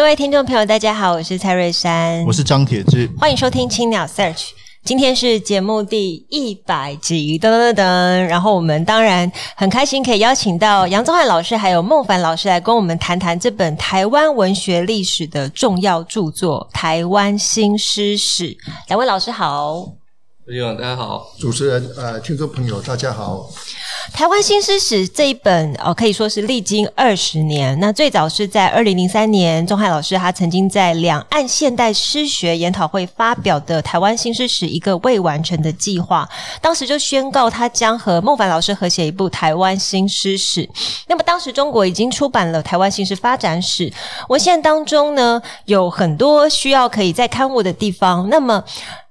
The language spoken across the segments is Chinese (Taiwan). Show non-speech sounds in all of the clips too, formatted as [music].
各位聽眾朋友，大家好，我是蔡瑞珊，我是張鐵志，歡迎收聽青鳥 Search，今天是節目第一百集，噔噔噔噔，然後我們當然很開心可以邀請到楊宗翰老師還有孟樊老師來跟我們談談這本臺灣文學歷史的重要著作《臺灣新詩史》，兩位老師好。大家好！主持人，呃，聽眾朋友，大家好。台灣新詩史這一本哦，可以說是歷經二十年。那最早是在二零零三年，宗翰老師他曾經在兩岸現代詩學研討會發表的《台灣新詩史》一個未完成的計劃，當時就宣告他將和孟樊老師合寫一部《台灣新詩史》。那麼當時中國已經出版了《台灣新詩發展史》，文獻當中呢有很多需要可以再勘誤的地方。那麼。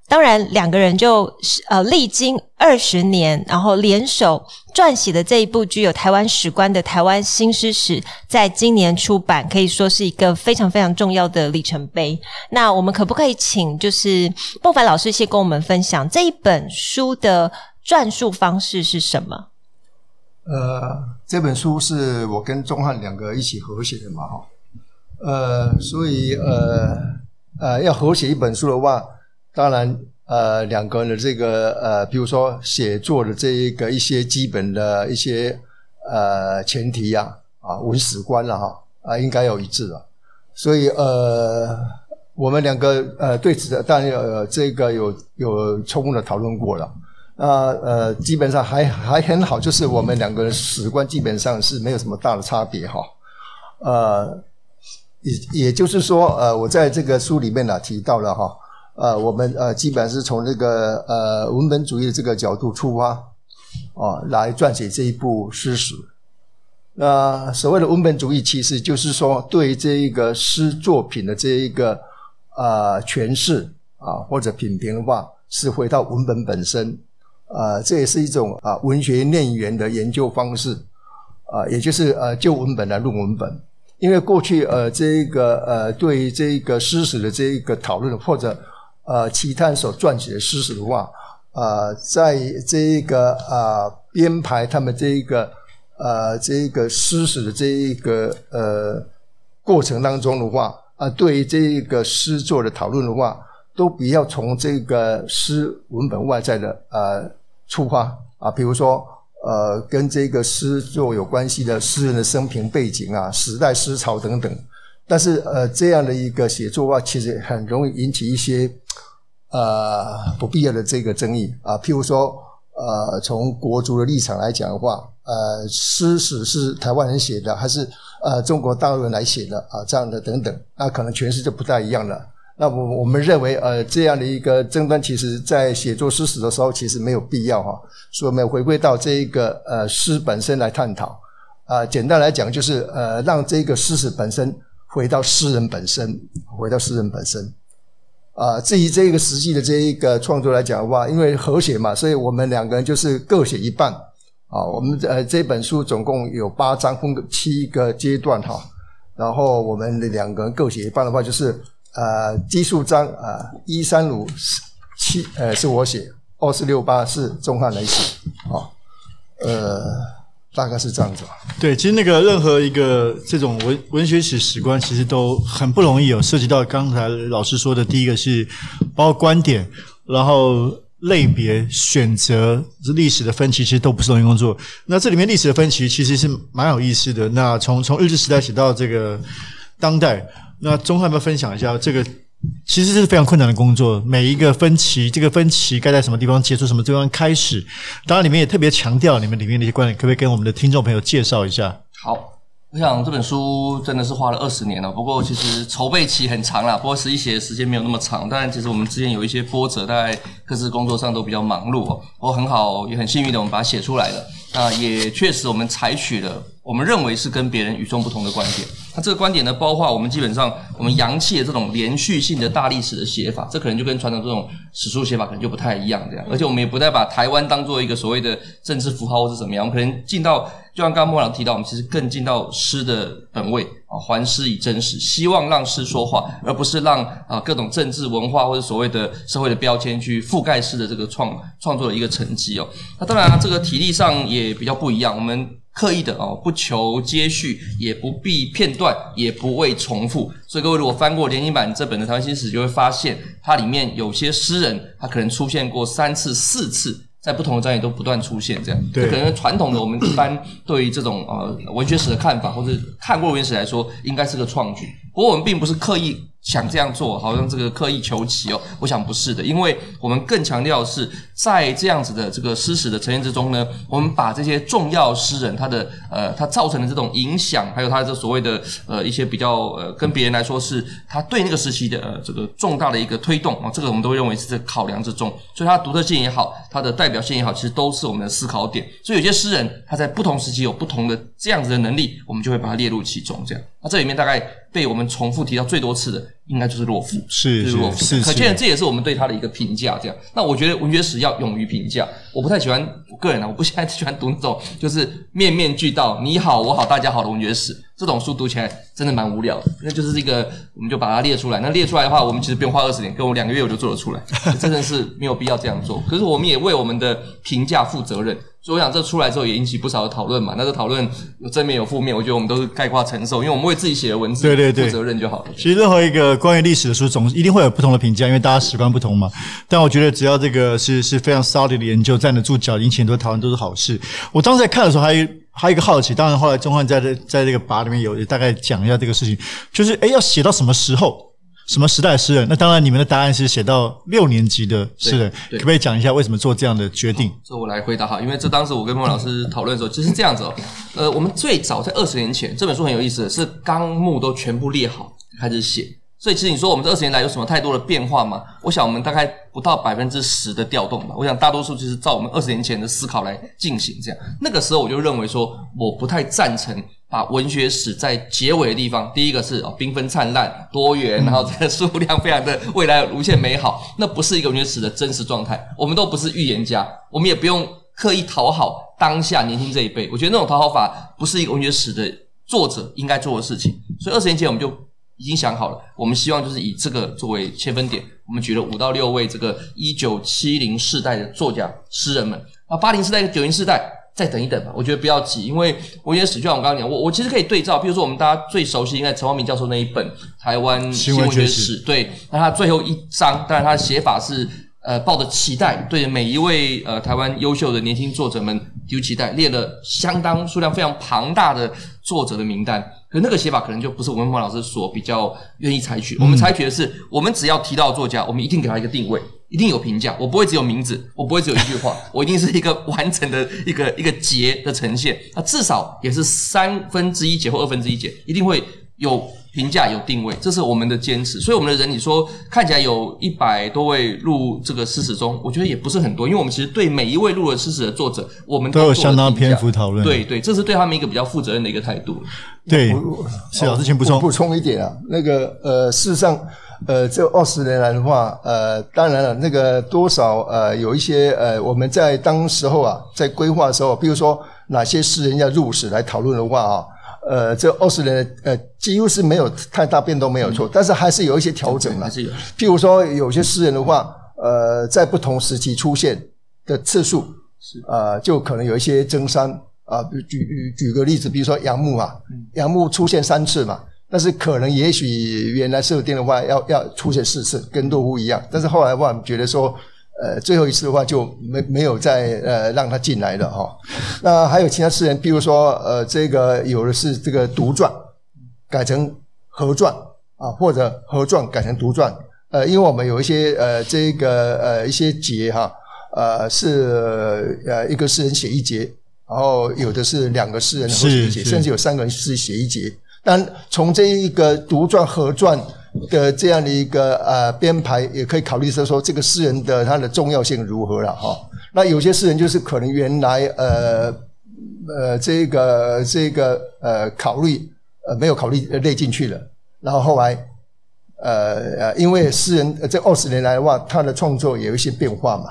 當然，兩個人就呃歷經二十年，然後聯手撰寫的這一部具有台灣史觀的《台灣新詩史》在今年出版，可以說是一個非常非常重要的里程碑。那我們可不可以請就是孟樊老師先跟我們分享這一本書的撰述方式是什麼？呃，這本書是我跟宗翰兩個一起合寫的嘛，哈。呃，所以呃呃，要合寫一本書的話。當然，呃，兩個人的這個呃，比如說寫作的這一個一些基本的一些呃前提呀，啊，啊，文史觀了，啊，哈，啊，應該要一致了，啊。所以呃，我們兩個呃對此的當然呃這個有有充分的討論過了。那呃，呃，基本上還還很好，就是我們兩個人史觀基本上是沒有什麼大的差別哈，啊。呃，也也就是說，呃，我在這個書裡面呢，啊，提到了哈，啊。呃，我們呃，基本上是從這個呃文本主義的這個角度出發，啊、呃，來撰寫這一部詩史。那、呃、所謂的文本主義，其實就是說對於這一個詩作品的這一個啊、呃、詮釋啊、呃、或者品評的話，是回到文本本身。呃，這也是一種啊、呃、文學內緣的研究方式啊、呃，也就是呃就文本來論文本。因為過去呃這一個呃對於這一個詩史的這一個討論或者呃，其他所撰寫的詩史的話，呃，在這一個呃編排他們這一個呃這一個詩史的這一個呃過程當中的話，啊，對於這一個詩作的討論的話，都比較從這個詩文本外在的呃出發啊，比如說呃跟這個詩作有關係的詩人的生平背景啊、時代思潮等等。但是，呃，這樣的一個寫作的話，其實很容易引起一些，呃，不必要的這個爭議啊。譬如說，呃，從國族的立場來講的話，呃，詩史是台灣人寫的，還是呃中國大陸人來寫的啊？這樣的等等，那、啊、可能詮釋就不太一樣了。那我我們認為，呃，這樣的一個爭端，其實在寫作詩史的時候，其實沒有必要哈、啊。所以，我們回歸到這一個呃詩本身來探討啊。簡單來講，就是呃，讓這個詩史本身。回到詩人本身，回到詩人本身，啊，至於這個實際的這一個創作來講的話，因為合寫嘛，所以我們兩個人就是各寫一半，啊，我們呃這本書總共有八章，分七個階段哈、啊，然後我們兩個人各寫一半的話，就是呃、啊、奇數章啊一三五七呃是我寫，二四六八是宗翰來寫，啊，呃。大概是這樣子吧。對，其實那個任何一個這種文文學史史觀，其實都很不容易哦，有涉及到剛才老師說的，第一個是包括觀點，然後類別選擇，歷史的分歧其實都不是容易工作。那這裡面歷史的分歧其實是蠻有意思的。那從從日治時代寫到這個當代，那宗翰要分享一下這個。其實這是非常困難的工作，每一個分期，這個分期該在什麼地方結束，什麼地方開始？當然，你們也特別強調你們裡面的一些觀點，可不可以跟我們的聽眾朋友介紹一下？好。我想這本書真的是花了二十年了，不過其實籌備期很長啦，不過實際寫的時間沒有那麼長。但其實我們之前有一些波折，在各自工作上都比較忙碌哦。不過很好，也很幸運的，我們把它寫出來了。那、啊、也確實，我們採取了我們認為是跟別人與眾不同的觀點。那、啊、這個觀點呢，包括我們基本上我們揚棄的這種連續性的大歷史的寫法，這可能就跟傳統這種史書寫法可能就不太一樣。這樣，而且我們也不再把台灣當做一個所謂的政治符號或是怎麼樣，我們可能進到。就像剛剛孟老提到，我們其實更進到詩的本位啊，還、哦、詩以真實，希望讓詩說話，而不是讓啊、呃、各種政治文化或者所謂的社會的標籤去覆蓋詩的這個創創作的一個成績哦。那當然、啊，這個體例上也比較不一樣，我們刻意的哦，不求接續，也不避片段，也不畏重複。所以各位如果翻過聯經版這本的台灣新詩史，就會發現它裡面有些詩人，他可能出現過三次、四次。在不同的專業都不斷出現，這樣對就可能傳統的我們一般對於這種呃文學史的看法，或者看過文學史來說，應該是個創舉。不過我們並不是刻意想這樣做，好像這個刻意求奇哦。我想不是的，因為我們更強調的是在這樣子的這個詩史的呈現之中呢，我們把這些重要詩人他的呃，他造成的這種影響，還有他的這所謂的呃一些比較呃跟別人來說是他對那個時期的呃這個重大的一個推動啊，這個我們都認為是在考量之中，所以他的獨特性也好，他的代表性也好，其實都是我們的思考點。所以有些詩人他在不同時期有不同的這樣子的能力，我們就會把它列入其中，這樣。那這裡面大概被我們重複提到最多次的，應該就是洛夫，是洛夫。可見這也是我們對他的一個評價。這樣，那我覺得文學史要勇於評價。我不太喜歡，我個人呢、啊，我不太喜歡讀那種就是面面俱到，你好我好大家好的文學史。這種書讀起來真的蠻無聊的。那就是這個，我們就把它列出來。那列出來的話，我們其實不用花二十年，跟我兩個月我就做得出來。真的是沒有必要這樣做。可是我們也為我們的評價負責任。所以我想這出來之後也引起不少的討論嘛，那這個討論有正面、有負面，我覺得我們都是概括承受，因為我們為自己寫的文字負責任就好了。對對對，其實任何一個關於歷史的書，總一定會有不同的評價，因為大家史觀不同嘛。但我覺得只要這個是是非常 solid 的研究，站得住腳，引起很多討論都是好事。我當時在看的時候還還有一個好奇，當然後來宗翰在這在這個跋裡面有也大概講一下這個事情，就是哎要寫到什麼時候。什麼時代詩人？那當然，你們的答案是寫到六年級的詩人。可不可以講一下為什麼做這樣的決定？所以我來回答哈，因為這當時我跟孟老師討論的時候，嗯、就是這樣子哦。呃，我們最早在二十年前，這本書很有意思的，是綱目都全部列好開始寫。所以其實你說我們這二十年來有什麼太多的變化嗎？我想我們大概不到百分之十的調動吧。我想大多數就是照我們二十年前的思考來進行這樣。那個時候我就認為說，我不太贊成。把文學史在結尾的地方，第一個是繽紛燦爛、多元，然後這個數量非常的未來無限美好。嗯。那不是一個文學史的真實狀態。我們都不是預言家，我們也不用刻意討好當下年輕這一輩。我覺得那種討好法不是一個文學史的作者應該做的事情。所以二十年前我們就已經想好了，我們希望就是以這個作為切分點，我們舉了五到六位這個一九七零世代的作家、詩人們，啊八零世代、九零世代。再等一等吧，我覺得不要急，因為文學史就像我剛剛講，我我其實可以對照，比如說我們大家最熟悉應該陳芳明教授那一本台灣新文學史，對，那他最後一章，當然他的寫法是。嗯呃，抱着期待，對每一位呃台灣優秀的年輕作者們，有期待。列了相當數量非常龐大的作者的名單，可那個寫法可能就不是孟樊老師所比較願意採取。我們採取的是，我們只要提到作家，我們一定給他一個定位，一定有評價。我不會只有名字，我不會只有一句話，我一定是一個完整的一個 [laughs] 一個節的呈現。那至少也是三分之一節或二分之一節，一定會有。評價有定位，這是我們的堅持。所以，我們的人你說看起來有一百多位入這個詩史中，我覺得也不是很多，因為我們其實對每一位入了詩史的作者，我們都有相當篇幅討論。對對，這是對他們一個比較負責任的一個態度。對，是老師先補充補充一點啊，那個呃，事實上呃，這二十年來的話，呃，當然了，那個多少呃，有一些呃，我們在當時候啊，在規劃的時候，比如說哪些詩人要入史來討論的話啊。呃，這二十年呃，幾乎是沒有太大變動，沒有錯，嗯、但是還是有一些調整嘛。還是有。譬如說，有些詩人的話，呃，在不同時期出現的次數，是、嗯、呃，就可能有一些增刪啊、呃。舉舉舉個例子，比如說楊牧啊，楊牧、嗯、出現三次嘛，但是可能也許原來設定的話要要出現四次，嗯、跟洛夫一樣，但是後來的話覺得說。呃，最後一次的話就沒沒有再呃讓他進來了哈、哦。那還有其他詩人，比如說呃這個有的是這個獨傳，改成合傳啊、呃，或者合傳改成獨傳。呃，因為我們有一些呃這個呃一些節哈，呃是呃一個詩人寫一節，然後有的是兩個詩人合寫一節，甚至有三個人是寫一節。但從這一個獨傳、合傳的這樣的一個呃編排，也可以考慮說說這個詩人的他的重要性如何了哈。那有些詩人就是可能原來呃呃這個這個呃考慮呃沒有考慮呃列進去了，然後後來呃呃因為詩人這二十年來的話，他的創作也有一些變化嘛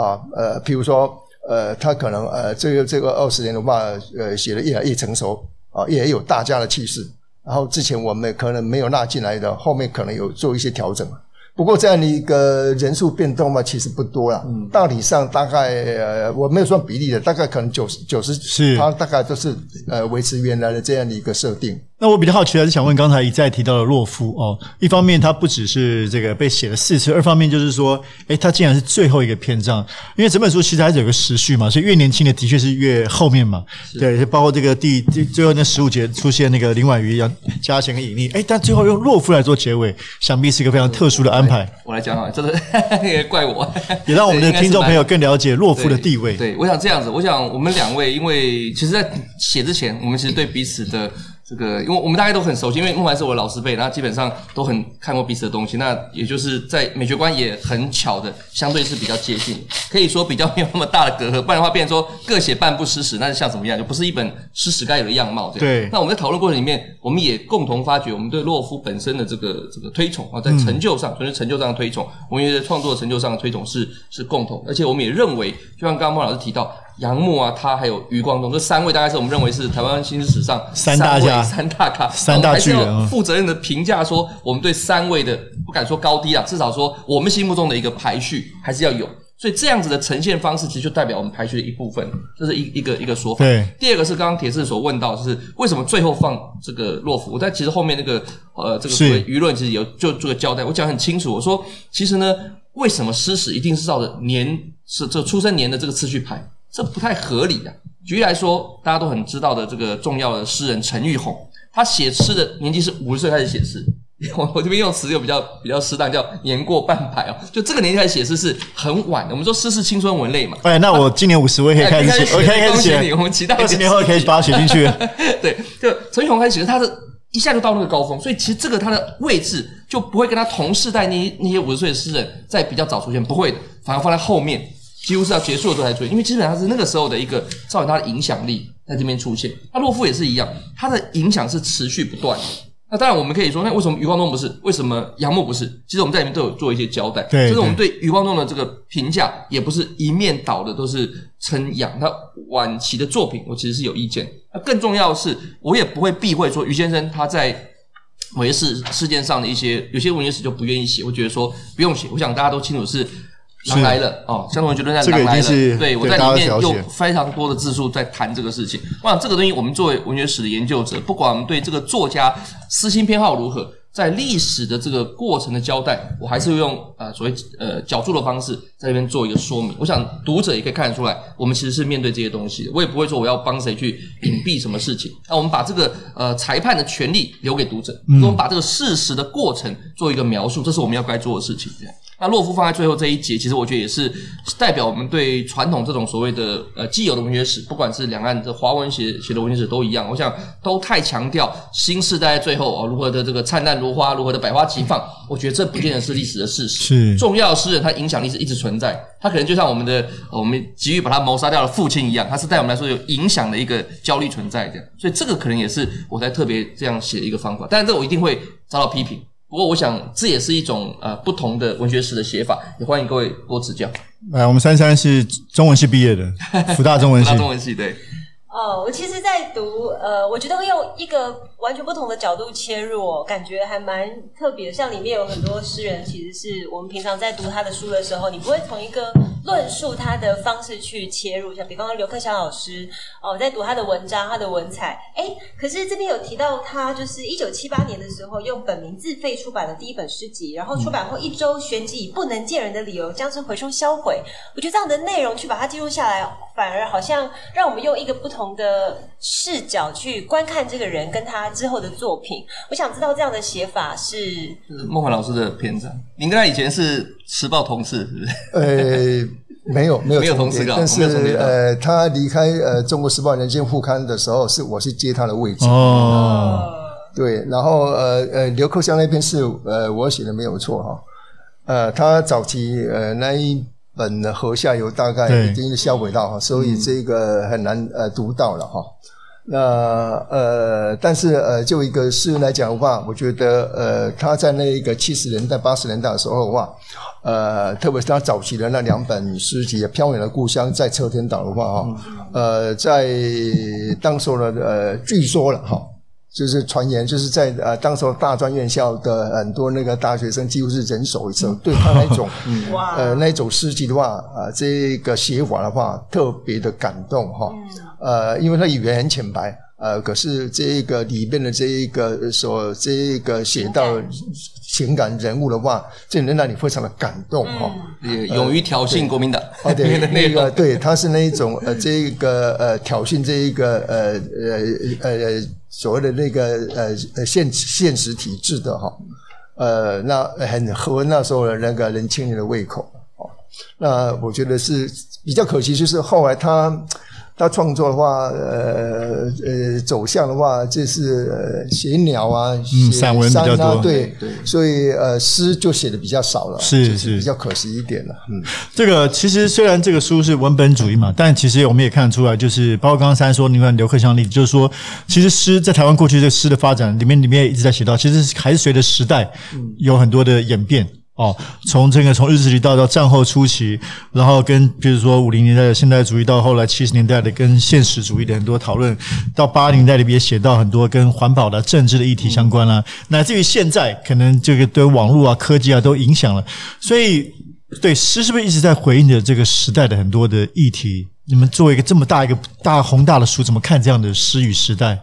啊呃譬如說呃他可能呃這個這個二十年的話呃寫的越來越成熟啊，也有大家的氣勢。然後之前我們可能沒有納進來的，後面可能有做一些調整。不過這樣的一個人數變動嘛，其實不多了。嗯，大體上大概呃，我沒有算比例的，大概可能九十九十，是，它，大概都、就是呃維持原來的這樣的一個設定。那我比較好奇的是，想問剛才一再提到的洛夫哦，一方面他不只是這個被寫了四次，二方面就是說，誒、欸、他竟然是最後一個篇章，因為整本書其實還是有個時序嘛，所以越年輕的的確是越後面嘛。是對，就包括這個第最後那十五節出現那個林婉瑜、楊佳嫻和隱匿。哎、欸，但最後用洛夫來做結尾，嗯、想必是一個非常特殊的安排。我來講好了那個也怪我，也讓我們的聽眾朋友更了解洛夫的地位對。對，我想這樣子，我想我們兩位，因為其實在寫之前，我們其實對彼此的。這個，因為我們大概都很熟悉，因為孟樊是我的老師輩，那基本上都很看過彼此的東西，那也就是在美學觀也很巧的，相對是比較接近，可以說比較沒有那麼大的隔閡。不然的話，變成說各寫半部詩史，那是像什麼樣？就不是一本詩史該有的樣貌。對。對，那我們在討論過程裡面，我們也共同發覺我們對洛夫本身的這個這個推崇啊，在成就上，主要、嗯、成就上的推崇，我們也在創作成就上的推崇是是共同，而且我們也認為，就像剛剛孟老師提到。楊牧啊，他還有余光中，這三位大概是我們認為是台灣新詩史上三大家、三大咖、三大巨人。負責任的評價說，哦、我們對三位的不敢說高低啊，至少說我們心目中的一個排序還是要有。所以這樣子的呈現方式，其實就代表我們排序的一部分，這是一個一個一個說法。對。第二個是剛剛鐵志所問到是，是為什麼最後放這個洛夫？但其實後面那個呃，這個輿論其實有就做個交代，是我講很清楚。我說，其實呢，為什麼詩史一定是照着年是這出生年的這個次序排？這不太合理啊，舉例來說，大家都很知道的這個重要的詩人陳玉紅，他寫詩的年紀是五十歲開始寫詩。我我這邊用詞就比較比較適當，叫年過半百哦。就這個年紀開始寫詩是很晚的。我們說詩是青春文類嘛。哎，那我今年五十我也可以開始寫，可以開始寫。我們期待幾年後可以把它寫進去。 [laughs] 對，就陳玉紅開始寫詩，他的一下就到了高峰。所以其實這個他的位置就不會跟他同時代那那些五十歲的詩人，在比較早出現，不會的，反而放在後面，幾乎是要結束的時候才追，因為基本上他是那個時候的一個造成它的影響力在這邊出現。那洛夫也是一樣，他的影響是持續不斷。那當然我們可以說，那為什麼余光中不是？為什麼楊牧不是？其實我們在裡面都有做一些交代，對 就是我們對余光中的這個評價也不是一面倒的，都是稱揚。他晚期的作品我其實是有意見。那更重要的是，我也不會避諱說余先生他在某些事事件上的一些，有些文學史就不願意寫，我覺得說不用寫。我想大家都清楚是。狼來了是哦，相我們覺得狼來了，對，我在裡面用非常多的字數在談這個事情。哇、嗯，這個東西我們作為文學史的研究者，不管我們對這個作家私心偏好如何，在歷史的這個過程的交代，我還是會用呃所謂呃腳註的方式在這邊做一個說明。我想讀者也可以看得出來，我們其實是面對這些東西的。我也不會說我要幫誰去隱蔽什麼事情。那我們把這個呃裁判的權利留給讀者，嗯、我們把這個事實的過程做一個描述，這是我們要該做的事情。這樣。那洛夫放在最後這一節，其實我覺得也是代表我們對傳統這種所謂的呃既有的文學史，不管是兩岸的華文寫寫的文學史都一樣。我想都太強調新世代最後啊、哦，如何的這個燦爛如花，如何的百花齊放。我覺得這不見得是歷史的事實。是重要的詩人他影響力是一直存在，他可能就像我們的我們急於把他謀殺掉的父親一樣，他是對我們來說有影響的一個焦慮存在這樣。所以這個可能也是我在特別這樣寫的一個方法，但是這我一定會遭到批評。不過，我想這也是一種呃不同的文學史的寫法，也歡迎各位多指教。哎，我們珊珊是中文系畢業的，福大中文系， [laughs] 福大中文系，對。哦，我其實，在讀呃，我覺得會用一個完全不同的角度切入，感覺還蠻特別的。像裡面有很多詩人，其實是我們平常在讀他的書的時候，你不會從一個。論述他的方式去切入一下，像比方說劉克襄老師哦，在讀他的文章，他的文采，哎，可是這邊有提到他，就是一九七八年的時候，用本名自費出版的第一本詩集，然後出版後一周旋，旋即以不能見人的理由將之回收銷毀。我覺得這樣的內容去把它記錄下來，反而好像讓我們用一個不同的視角去觀看這個人跟他之後的作品。我想知道這樣的寫法是、嗯、是孟樊老師的篇章，您跟他以前是時報同事，是不是？哎哎哎 [laughs] 沒有，沒有，沒有同事、啊。但是，啊、呃，他離開呃《中國時報》《人間副刊》的時候，是我去接他的位置。哦，對，然後呃呃，劉克襄那篇是呃我寫的沒有錯哈、哦。呃，他早期呃那一本的河下游大概已經銷毀到。哈對，所以這個很難呃讀到了哈，哦。那呃，呃，但是呃，就一個詩人來講的話，我覺得呃，他在那個七十年代、八十年代的時候的話，呃，特別是他早期的那兩本詩集《漂鳥的故鄉》《在測天島》的話呃，在當時候的呃，據說了哈，就是傳言，就是在呃，當時候大專院校的很多那個大學生幾乎是人手一冊，對他那種，哇，呃，那一種詩集的話，啊、呃，這個寫法的話，特別的感動哈。哦呃，因為他語言很淺白，呃，可是這一個裡面的這一個所這一個寫到情感人物的話，這能讓你非常的感動哈。也、嗯呃、勇於挑釁國民黨，對那個對，他、哦、 [laughs] 是那一種呃，這個呃，挑釁這一個呃呃呃所謂的那個呃現現實體制的哈。呃，那很合那時候的那個年輕人的胃口哦。那我覺得是比較可惜，就是後來他。他創作的話，呃呃，走向的話就是呃寫鳥啊，散、啊嗯、文比較多，啊對，對，所以呃，詩就寫的比較少了，是是，是比較可惜一點了。嗯，這個其實雖然這個書是文本主義嘛，但其實我們也看得出來，就是包括剛才說，你看劉克襄例子，就是說，其實詩在台灣過去這個詩的發展裡面，裡面一直在寫到，其實還是隨着時代有很多的演變。嗯哦，從這個從日治時期到到戰後初期，然後跟比如說五零年代的現代主義，到後來七十年代的跟現實主義的很多討論，到八零年代裡邊也寫到很多跟環保的政治的議題相關啦、啊，乃至於現在可能這個對網絡啊、科技啊都影響了，所以對詩是不是一直在回應着這個時代的很多的議題？你們做一個這麼大一個大宏大的書，怎麼看這樣的詩與時代？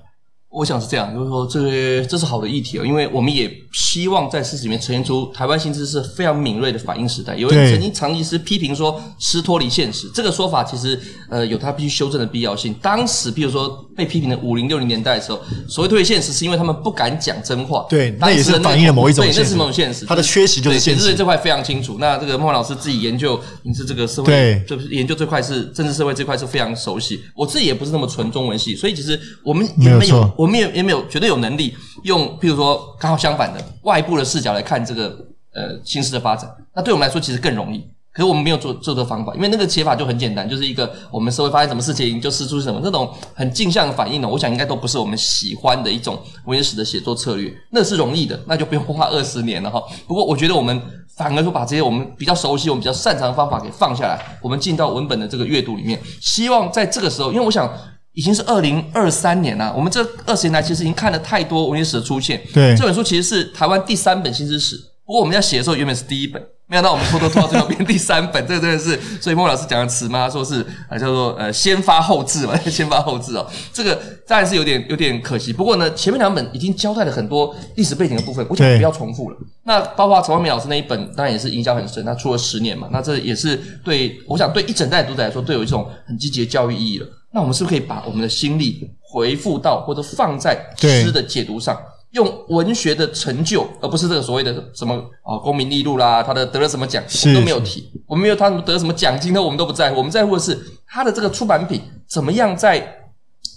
我想是這樣，就是說，這個這是好的議題哦，因為我們也希望在事實裡面呈現出台灣新詩是非常敏銳的反應時代。有人曾經長期是批評說詩脫離現實，這個說法其實呃有它必須修正的必要性。當時比如說被批評的五零六零年代的時候，所謂脫離現實，是因為他們不敢講真話。對，那個，那也是反映了某一種現實。對，這是某種現實。它的缺席就是現實。對對，是對，這塊非常清楚。那這個孟老師自己研究你是這個社會，對就是研究這塊是政治社會，這塊是非常熟悉。對我自己也不是那麼純中文系，所以其實我們也沒有，沒有我們也也沒有絕對有能力用，譬如說剛好相反的外部的視角來看這個呃新詩的發展。那對我們來說其實更容易，可是我們沒有做做這個方法，因為那個寫法就很簡單，就是一個我們社會發生什麼事情就寫出什麼，那種很鏡像的反應呢？我想應該都不是我們喜歡的一種文史的寫作策略。那是容易的，那就不用花二十年了哈。不過我覺得我們反而說把這些我們比較熟悉、我們比較擅長的方法給放下來，我們進到文本的這個閱讀裡面，希望在這個時候，因為我想。已經是二零二三年了，我們這二十年來其實已經看了太多文學史的出現。對，這本書其實是台灣第三本新詩史。不過我們要寫的時候原本是第一本，沒想到我們偷偷拖到最後變 [laughs] 第三本，這個真的是所以孟老師講的詞嘛，說是啊叫做呃先發後至嘛，先發後至哦，這個當然是有點有點可惜。不過呢，前面兩本已經交代了很多歷史背景的部分，我想不要重複了。對那包括陳光敏老師那一本，當然也是影響很深，他出了十年嘛，那這也是對我想對一整代讀者來說都有一種很積極的教育意義了。那我們是不是可以把我們的心力回復到或者放在詩的解讀上？對用文學的成就，而不是這個所謂的什麼啊，功名利祿啦，他的得了什麼獎，是是我們都沒有提，我們沒有他得了什麼獎金，那我們都不在乎，我們在乎的是他的這個出版品怎麼樣在。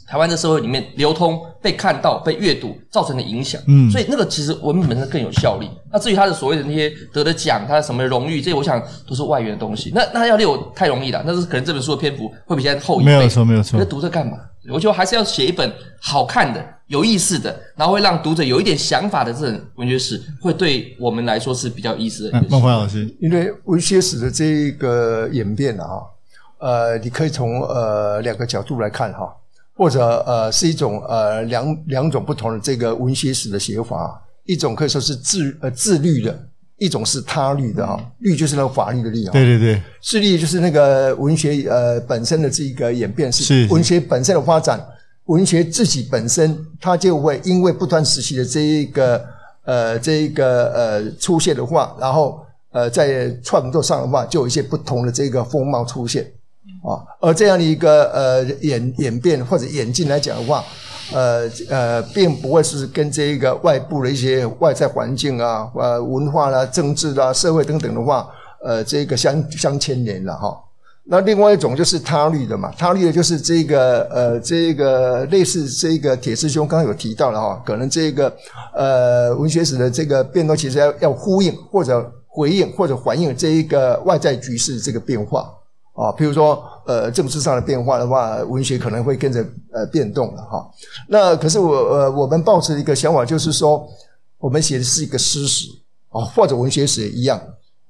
台灣的社會裡面流通，被看到、被閱讀造成的影響，嗯，所以那個其實文本本身更有效力。那至於他的所謂的那些得的獎、他的什麼榮譽，這些我想都是外緣的東西。那那要列我太容易了，那是可能這本書的篇幅會比現在厚一倍。沒有錯，沒有錯。那讀這幹嘛？我覺得還是要寫一本好看的、有意思的，然後會讓讀者有一點想法的這種文學史，會對我們來說是比較有意思的、就是哎。孟樊老師，因為文學史的這一個演變啊，呃，你可以從呃兩個角度來看哈、啊。或者呃是一種呃兩兩種不同的這個文學史的寫法，一種可以說是自呃自律的，一種是他律的啊、哦，律就是那個法律的律啊、哦，對對對，自律就是那個文學呃本身的這個演變史文學本身的發展，是是文學自己本身它就會因為不斷時期的這一個呃這一個呃出現的話，然後呃在創作上的話就有一些不同的這個風貌出現。啊、哦，而這樣的一個呃演演變或者演進來講的話，呃呃，並不會是跟這一個外部的一些外在環境啊、呃文化啦、啊、政治啦、啊、社會等等的話，呃，這個相相牽連了哈、哦。那另外一種就是他律的嘛，他律的就是這個呃這個類似這個鐵師兄剛剛有提到了哈、哦，可能這個呃文學史的這個變動，其實要要呼應或者回應或者反映這一個外在局勢這個變化。啊，譬如說，呃，政治上的變化的話，文學可能會跟着呃變動了哈。那可是我呃，我們抱持一個想法，就是說，我們寫的是一個詩史啊、哦，或者文學史也一樣。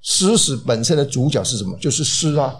詩史本身的主角是什麼？就是詩啊，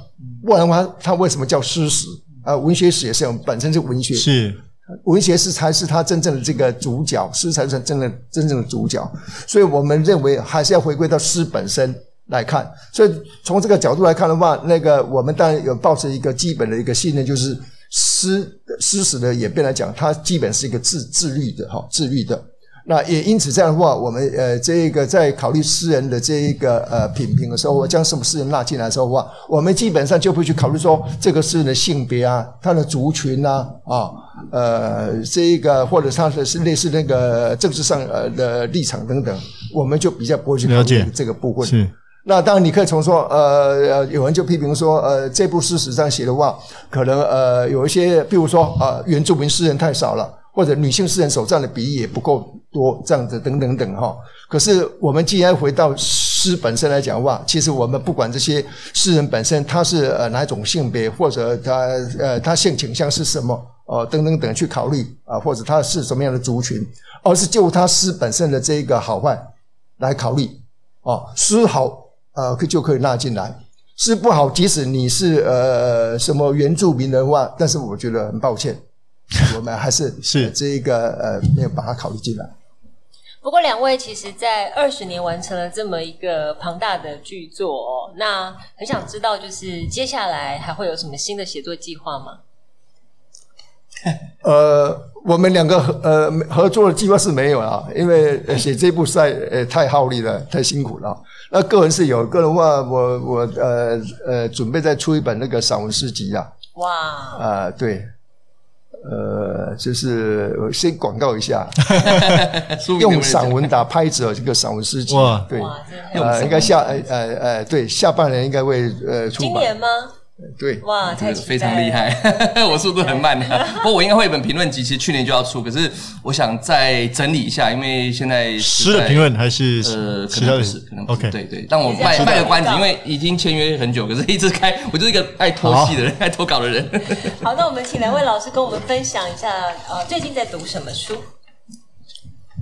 不然的話它為什麼叫詩史啊、呃？文學史也是，本身是文學史，是，文學史才是它真正的這個主角，詩才是真正的真正的主角。所以我們認為還是要回歸到詩本身。來看，所以從這個角度來看的話，那個我們當然有抱持一個基本的一個信念，就是詩詩史的演變來講，它基本是一個自自律的哈、哦，自律的。那也因此這樣的話，我們呃這個在考慮詩人的這一個呃品評的時候，我將什麼詩人納進來的時候的話，我們基本上就不會去考慮說這個詩人的性別啊，他的族群吶、啊，啊、哦、呃這個或者他的是類似那個政治上呃的立場等等，我們就比較不會去了解這個部分。那當然，你可以從說，呃，有人就批評說，呃，這部詩史上寫的話，可能呃有一些，比如說啊、呃，原住民詩人太少了，或者女性詩人手上的筆也不夠多，這樣子等等等哈、哦。可是我們既然回到詩本身來講的話，其實我們不管這些詩人本身他是呃哪一種性別，或者他呃他性傾向是什麼，哦等等等去考慮啊，或者他是什麼樣的族群，而是就他詩本身的這一個好壞來考慮啊、哦，詩好呃，可就可以納進來，是不好。即使你是呃什麼原住民的話，但是我覺得很抱歉，我們還是、呃、是這一個呃沒有把它考慮進來。不過，兩位其實，在二十年完成了這麼一個龐大的巨作，那很想知道，就是接下來還會有什麼新的寫作計劃嗎？ [laughs] 呃，我們兩個合呃合作的計劃是沒有了，因為寫這部實在呃太耗力了，太辛苦了。那個人是有，個人的話我我呃呃準備再出一本那個散文詩集啊。哇 Wow.、呃！啊對，呃就是我先廣告一下， [laughs] 用散文打拍子這個散文詩集，對，應該下呃呃對下半年應該會呃出版。今年嗎？對，哇，真的非常厲害，我速度很慢，不過我應該會有一本評論集，其實去年就要出，可是我想再整理一下，因為現在詩的評論還是呃，可能 OK，對對，但我賣賣個關子，因為已經簽約很久，可是一直開，我就是一個愛拖戲的人，愛拖稿的人。好，那我們請兩位老師跟我們分享一下，呃，最近在讀什麼書？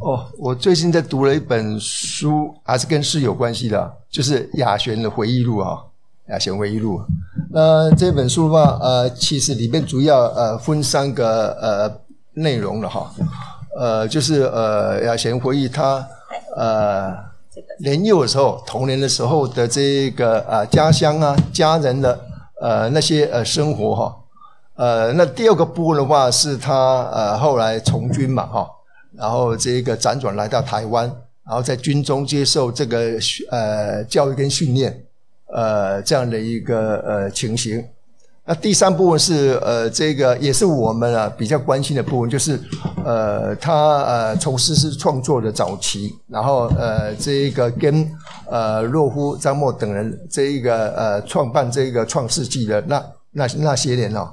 哦，我最近在讀了一本書，還是跟詩有關係的，就是瘂弦的回憶錄啊。啊，瘂弦回憶錄。那這本書的話，呃，其實裡面主要呃分三個呃內容了哈，呃，就是呃，瘂弦回憶他呃年幼的時候、童年的時候的這個呃家鄉啊、家人的呃那些呃生活哈。呃，那第二個部分的話，是他呃後來從軍嘛哈，然後這個輾轉來到台灣，然後在軍中接受這個呃教育跟訓練。呃，這樣的一個呃情形，那第三部分是呃，這個也是我們啊比較關心的部分，就是呃，他呃從事詩創作的早期，然後呃，這一個跟呃洛夫、張默等人這一個呃創辦這一個創世紀的那那那些年哦，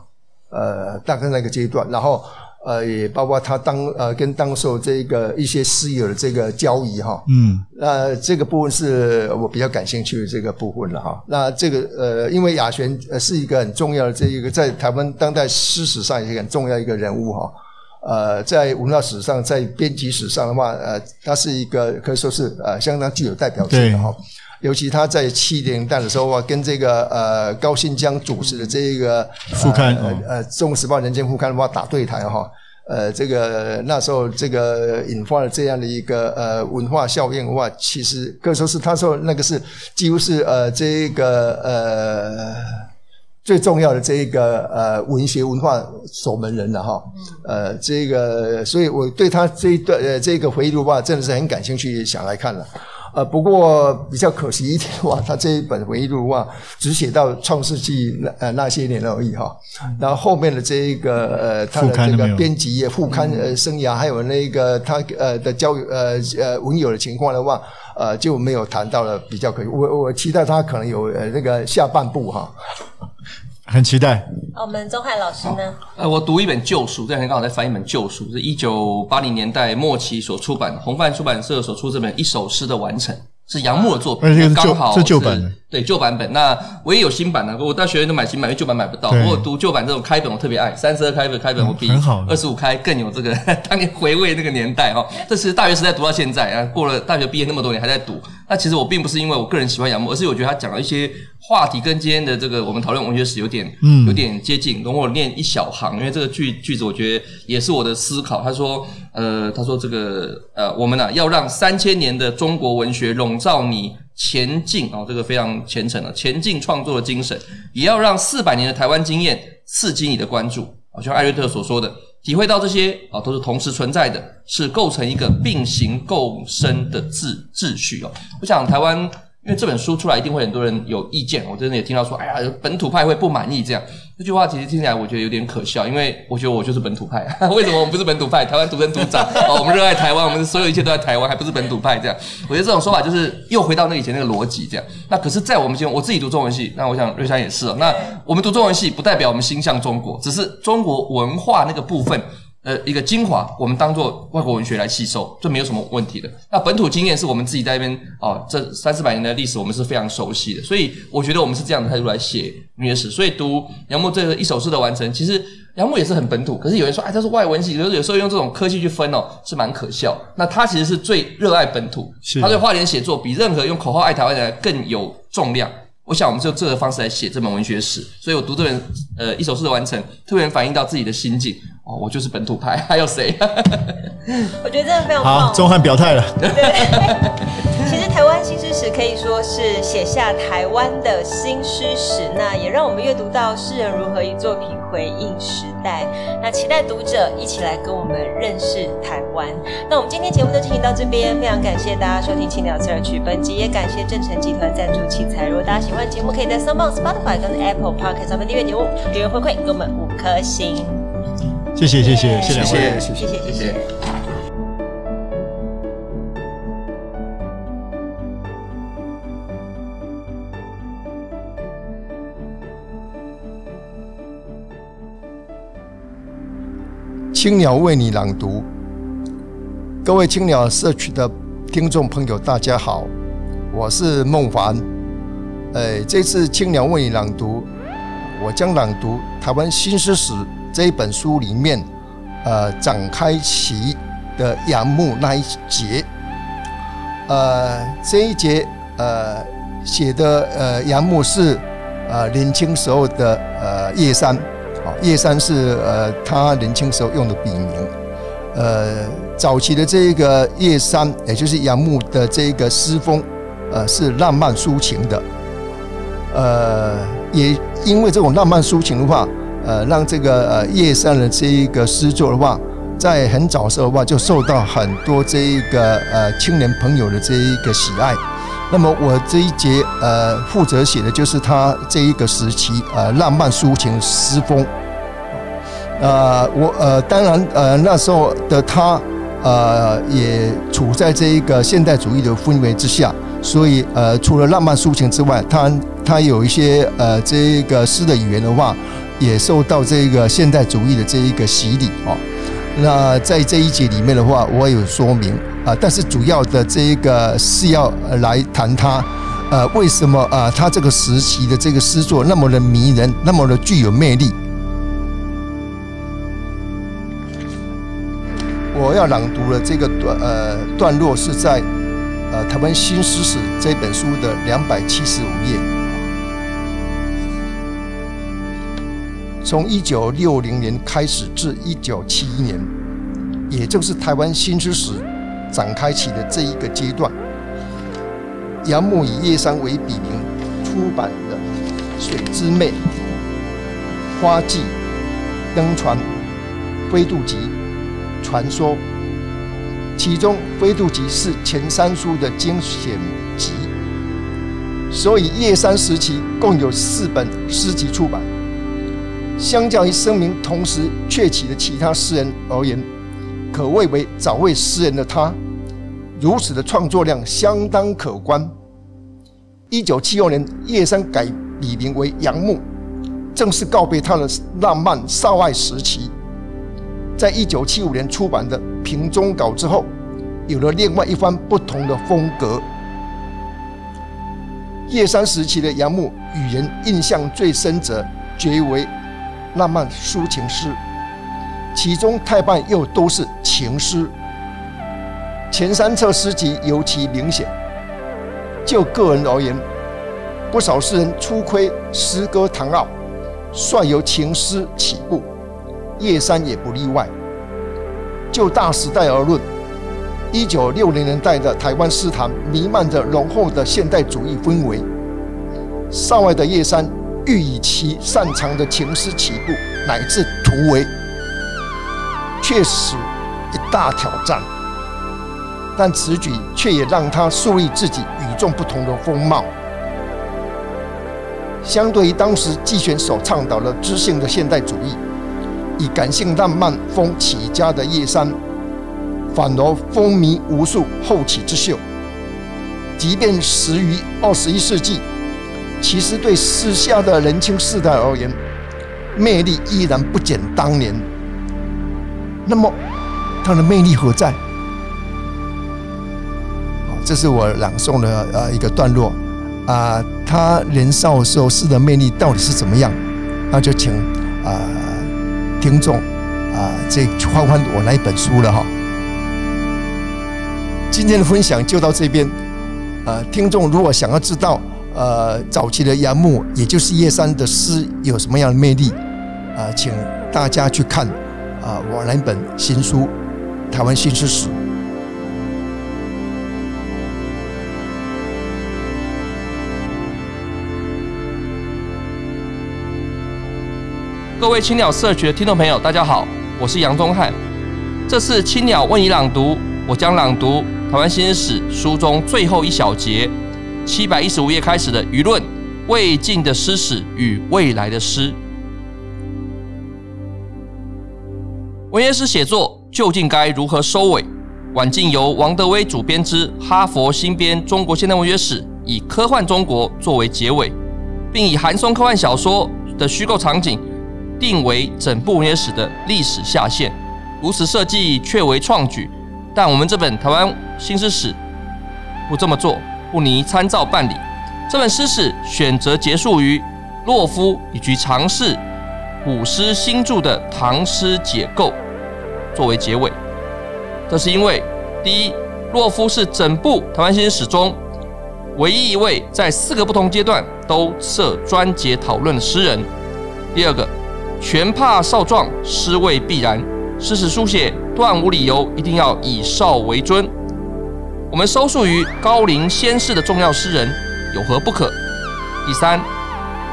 呃，大概那個階段，然後。呃，也包括他當呃跟當時候這個一些詩友的這個交誼哈，嗯，那這個部分是我比較感興趣的這個部分了哈。那這個呃，因為瘂弦呃是一個很重要的這一個在台灣當代詩史，史上也是很重要一個人物哈。呃，在文化史上，在編輯史上的話，呃，他是一個可以說是呃相當具有代表性的哈。尤其他在七零年代的時候啊，跟這個呃高信疆主持的這一個《副、呃、刊》呃、哦、呃《中國時報》《人間副刊》的話打對台哈、哦，呃，這個那時候這個引發了這樣的一個呃文化效應的話，其實可以說是他說那個是幾乎是呃這一個呃最重要的這一個呃文學文化守門人了、哦。哈，呃，這個，所以我對他這一段呃這個回憶錄吧，真的是很感興趣，想來看了。呃，不過比較可惜一點的話，他這一本回憶錄的話，只寫到創世紀那那些年而已哈。然後後面的這一個呃，他的這個編輯、副刊生涯，還有那個他的教育、嗯、呃的交呃呃文友的情況的話，呃就沒有談到了。比較可惜，我我期待他可能有呃那個下半部哈。呵呵很期待。哦、我們宗翰老師呢、哦？呃，我讀一本舊書，這兩天剛好在翻一本舊書，是一九八零年代末期所出版的，洪範出版社所出這本《一首詩的完成》是，是楊牧的作品，也剛好是，是舊本，舊版對舊版本。那我也有新版的，我大學都買新版，因為舊版買不到。我對讀舊版這種開本，我特別愛，三十二開本開本我比二十五開更有這個，當年回味那個年代哈、哦。這是大學時代讀到現在，啊過了大學畢業那麼多年還在讀。那其實我並不是因為我個人喜歡楊牧，而是我覺得他講了一些。話題跟今天的這個我們討論文學史有點，嗯、有點接近。容我念一小行，因為這個句句子，我覺得也是我的思考。他說，呃，他說這個，呃，我們啊要讓三千年的中國文學籠罩你前進啊、哦，這個非常虔誠了、啊，前進創作的精神，也要讓四百年的台灣經驗刺激你的關注好、哦、像艾略特所說的，體會到這些啊、哦，都是同時存在的，是構成一個並行共生的秩、嗯、秩序哦。我想台灣。因為這本書出來，一定會很多人有意見。我真的也聽到說，哎呀，本土派會不滿意這樣。這句話其實聽起來，我覺得有點可笑。因為我覺得我就是本土派、啊，為什麼我們不是本土派？台灣獨生獨長， [laughs] 哦，我們熱愛台灣，我們所有一切都在台灣，還不是本土派？這樣，我覺得這種說法就是又回到那個以前那個邏輯這樣。那可是，在我們今天，我自己讀中文系，那我想瑞山也是、哦。那我們讀中文系，不代表我們心向中國，只是中國文化那個部分。呃，一個精華，我們當做外國文學來吸收，這沒有什麼問題的。那本土經驗是我們自己在那邊哦，這三四百年的歷史，我們是非常熟悉的。所以我覺得我們是這樣的態度來寫文學史。所以讀楊牧這個一首詩的完成，其實楊牧也是很本土。可是有人說，哎，他是外文系，有有時候用這種科系去分哦，是蠻可笑。那他其實是最熱愛本土，他對花蓮寫作比任何用口號愛台灣的人更有重量。我想我們就這個方式來寫這本文學史，所以我讀這本呃一首詩的完成，特別反映到自己的心境。哦，我就是本土派，還有誰？ [laughs] 我覺得真的非常棒。好，宗翰表態了。對，對，對，其實台灣新詩史可以說是寫下台灣的新詩史，那也讓我們閱讀到詩人如何以作品回應時代。那期待讀者一起來跟我們認識台灣。那我們今天節目就進行到這邊，非常感謝大家收聽《青鳥測耳曲》本集，也感謝正成集團贊助器材。請財，如果大家喜歡節目，可以在 SoundOn Spotify 跟 Apple Podcast 上面訂閱節目，留言回饋給我們五顆星。謝謝謝謝謝謝謝謝謝謝謝謝。啊、青鳥為你朗讀，各位青鳥社區的聽眾朋友，大家好，我是孟樊。哎，這次青鳥為你朗讀，我將朗讀《台灣新詩史》。這一本書裡面，呃，展開期的楊牧那一節，呃，這一節呃寫的呃楊牧是呃年輕時候的呃葉珊，好，葉、哦、珊是呃他年輕時候用的筆名，呃，早期的這一個葉珊，也就是楊牧的這一個詩風，呃，是浪漫抒情的，呃，也因為這種浪漫抒情的話。呃，讓這個呃葉珊的這一個詩作的話，在很早的時候的話，就受到很多這一個呃青年朋友的這一個喜愛。那麼我這一節呃負責寫的就是他這一個時期呃浪漫抒情詩風。呃，我呃當然呃那時候的他呃也處在這一個現代主義的氛圍之下，所以呃除了浪漫抒情之外，他他有一些呃這一個詩的語言的話。也受到這個現代主義的這一個洗禮哦。那在這一節裡面的話，我有說明啊。但是主要的這一個是要來談他，呃，為什麼呃他這個時期的這個詩作那麼的迷人，那麼的具有魅力。我要朗讀的這個段呃段落是在呃台灣新詩史這本書的兩百七十五頁。從一九六零年開始至一九七一年，也就是台灣新詩史展開期的這一個階段，楊牧以葉珊為筆名出版的《水之魅》、《花季》、《燈船》、《飛渡集》、《傳說》，其中《飛渡集》是前三書的精選集，所以葉珊時期共有四本詩集出版。相較於聲名同時鵲起的其他詩人而言，可謂為早慧詩人的他，如此的創作量相當可觀。一九七二年，葉山改筆名為楊牧，正式告別他的浪漫少艾時期。在一九七五年出版的《瓶中稿》之後，有了另外一番不同的風格。葉山時期的楊牧，語言印象最深者，絕為。浪漫抒情詩，其中泰半又都是情詩。前三冊詩集尤其明顯。就個人而言，不少詩人初窺詩歌堂奧，率由情詩起步，葉珊也不例外。就大時代而論，一九六零年代的台灣詩壇瀰漫着濃厚的現代主義氛圍，上外的葉珊。欲以其擅長的情詩起步，乃至突圍，確實一大挑戰。但此舉卻也讓他樹立自己與眾不同的風貌。相對於當時紀弦所倡導的知性的現代主義，以感性浪漫風起家的葉珊，反而風靡無數後起之秀。即便始於二十一世紀。其實對時下的年輕世代而言，魅力依然不減當年。那麼，他的魅力何在？好，這是我朗誦的呃一個段落啊。他年少的時候詩的魅力到底是怎麼樣？那就請啊聽眾啊，這，翻翻，我那一本書了哈。今天的分享就到這邊。呃，聽眾如果想要知道。呃，早期的楊牧，也就是葉珊的詩，有什麼樣的魅力？呃，請大家去看啊，我、呃、那本新書《台灣新詩史》。各位青鳥社區的聽眾朋友，大家好，我是楊宗翰，這是青鳥為你朗讀，我將朗讀《台灣新詩史》書中最後一小節。七百一十五頁開始的輿論，未竟的詩史與未來的詩，文學史寫作究竟該如何收尾？晚近由王德威主編之《哈佛新編中國現代文學史》，以科幻中國作為結尾，並以韓松科幻小說的虛構場景定為整部文學史的歷史下限，如此設計確為創舉。但我們這本台灣新詩史不這麼做。不宜參照辦理。這本詩史選擇結束於洛夫以及嘗試古詩新鑄的唐詩解構作為結尾，這是因為：第一，洛夫是整部台灣新詩史中唯一一位在四個不同階段都設專節討論的詩人；第二個，拳怕少壯，詩未必然，詩史書寫斷無理由一定要以少為尊。我們收束於高齡仙逝的重要詩人，有何不可？第三，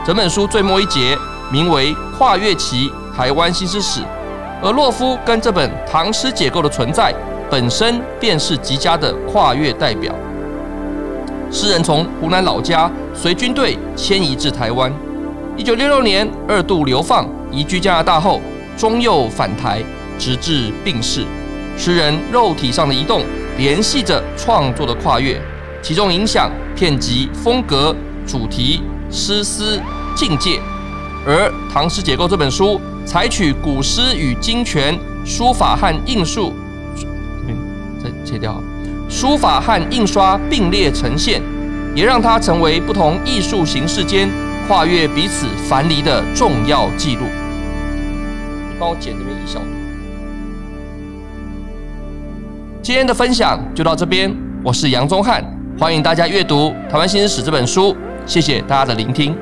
整本書最末一節名為《跨越期台灣新詩史》，而洛夫跟這本《唐詩解構》的存在本身，便是極佳的跨越代表。詩人從湖南老家隨軍隊遷移至台灣，一九六六年二度流放移居加拿大後，終又返台，直至病逝。詩人肉體上的移動，聯繫着創作的跨越，其中影響遍及風格、主題、詩思、境界。而《唐詩解構》這本書採取古詩與今詮，書法和印術，邊、嗯、再切掉書法和印刷並列呈現，也讓它成為不同藝術形式間跨越彼此樊籬的重要記錄。你幫我剪這邊一小。今天的分享就到這邊，我是楊宗翰，歡迎大家閱讀《台灣新詩史》這本書，謝謝大家的聆聽。